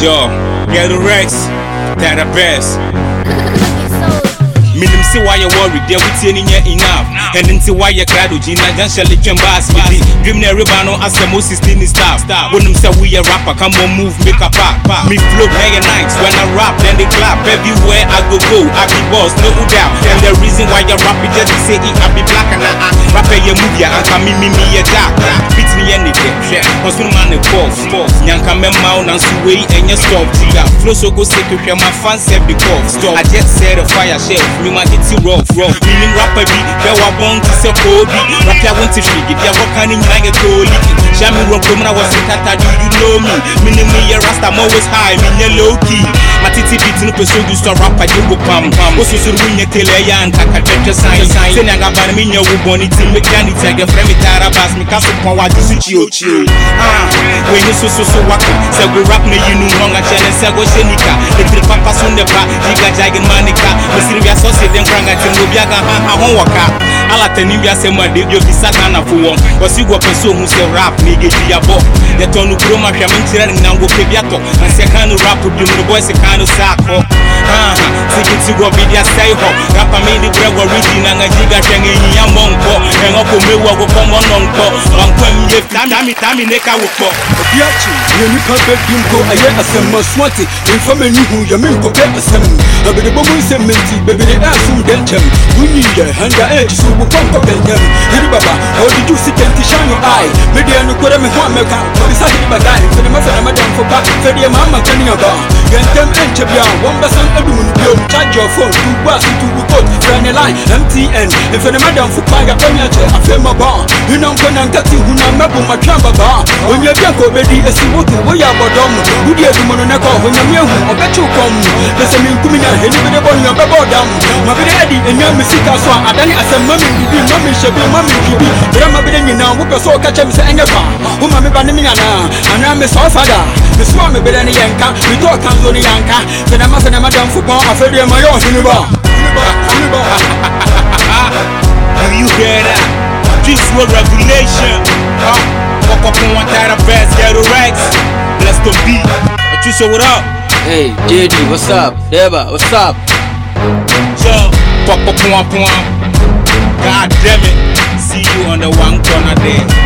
Yo, get the Rex, that the best. see why you worry, there we tell you enough. And until why oh, you cried, Ojina, then shall it bass. Dream near Ribano as the most 16 staff. When them say we a rapper, come on, move, make a pop. Me flow hang and nights when I rap, then they clap. Everywhere I go, go, I be boss, no doubt. And the reason why you rap is just to say it, I be black and I uh, uh. rap your movie, i come me, me, me, a dark. Beats me anything, yeah. Cause no man a false, false. Nyanka me mount and suway and your stop. Flow so go sick if you're my fans, every cough. Stop. I just set a fire shelf, you might ti rough rough meaning rapper bi bẹ́ẹ̀ wá bọ́n ti sẹ́ kóòbì wọ́n pẹ́ àwọn ti fìgì bí abọ́ká ní nyina yẹ kóòlì Jam me rock when I was in at you, you know me. Me name me yeah rasta, I'm always high, me yeah low key. My titi beat no person do so rapper, you go pam pam. What's oh, your ruin your tail, yeah, and taka treasure sign. Say naga bar, me your bonny team, me candy tag, your friend me tara bass, me castle power, just chio chio. Ah, when you so so so waka, say go rap me, you know wrong, I challenge, say go shenika. The three papas on the bra, giga jagging manika. Me serious, so say them granga, team go biaga, ha ha, won't waka. alatani wiase mu adeɛ bi obisa ghana wɔn wɔsi wɔ sɛ sɛ rap na ɛgɛdi yabɔ yɛtɔn no kurom ahwɛ me nkyerɛ ne nango pɛ bi atɔ na sɛ no rap dum mu ne bɔ no saa kɔ sigi hɔ rapa me brɛ wɔ na ngagyi gahwɛ ne ɛhia ẹranko méwu ọkọ kọmọ náà ń gbọ wà ń pẹlú yé dámì dámì ní káwọ pọ. òbí àjì ni nípa bẹ bí n kó ayé àsẹmọ suwọntì nfa mi nuhu yẹmi nkọ bẹ àsẹm àbẹ̀dẹ̀ bọ́ mu ń sẹ́mi ntì bẹ̀bẹ̀dẹ̀ ẹ̀ sùn dẹ̀ ntẹ̀m wúnyi yẹ handa ẹ̀ eh, jì sùn kọ́ nkọ́ bẹ̀ ntẹ̀m yìí bàbá àwọn dídú sí kẹ́ntì sànù àì mídìí ẹnu kúrẹ́ mi hàn mẹ́ka òbí sáà yìí bàgá ẹ̀ fẹ́rẹ́ mẹ́fẹ́ rẹ̀ mẹ́dẹ̀ nfọ̀ bá fẹ́rẹ́ yẹ máa ma kẹ́ni àbá gẹ̀ntẹ́m ẹ̀ ń tẹ̀bi àwọn wọ́n bẹ́ sán ẹ̀dùnmù ní bí omi charge your phone dùgbà sí dùgbù kóòtù fẹ́rẹ́ ní line mtn ìfẹ́rẹ́ mẹ́dẹ̀ nfọ̀ bá yà akyɛ afei mɔbɔ yunamkɔna nkati hunam mɛbo matwa babaa onyɛ bia nka obɛdi ɛsi wodu woyɛ abɔdɔ mu wodi adumu no nɛkɔ onyame ahu ɔbɛkyew kɔn mu na sɛ menkumi nya hɛni bede bɔ nua bɛbɔ ɔda mu mabede adi ɛnya me sika so a adane asɛm ma mendibi ma menhyɛ bi ma mendibi berɛ mabede nyinaa wopɛ sɛ woka kyɛ me sɛ ɛnyɛ kwa woma me ba ne me nyanaa anaa me sɔɔ sa da mesoa mebedɛ ne yɛnka metɔɔ kanzo ne yɛnka sɛnɛma sɛnɛma damfopɔn afɛdeɛ ma yɛ ɔhene ba you get out. This was revelation. Huh? Fuck up on one tired of fast ghetto racks. Bless the beat. But you say what up? Hey, JD, what's up? Deba, what's up? Yo, fuck up on one God damn it. See you on the one corner there.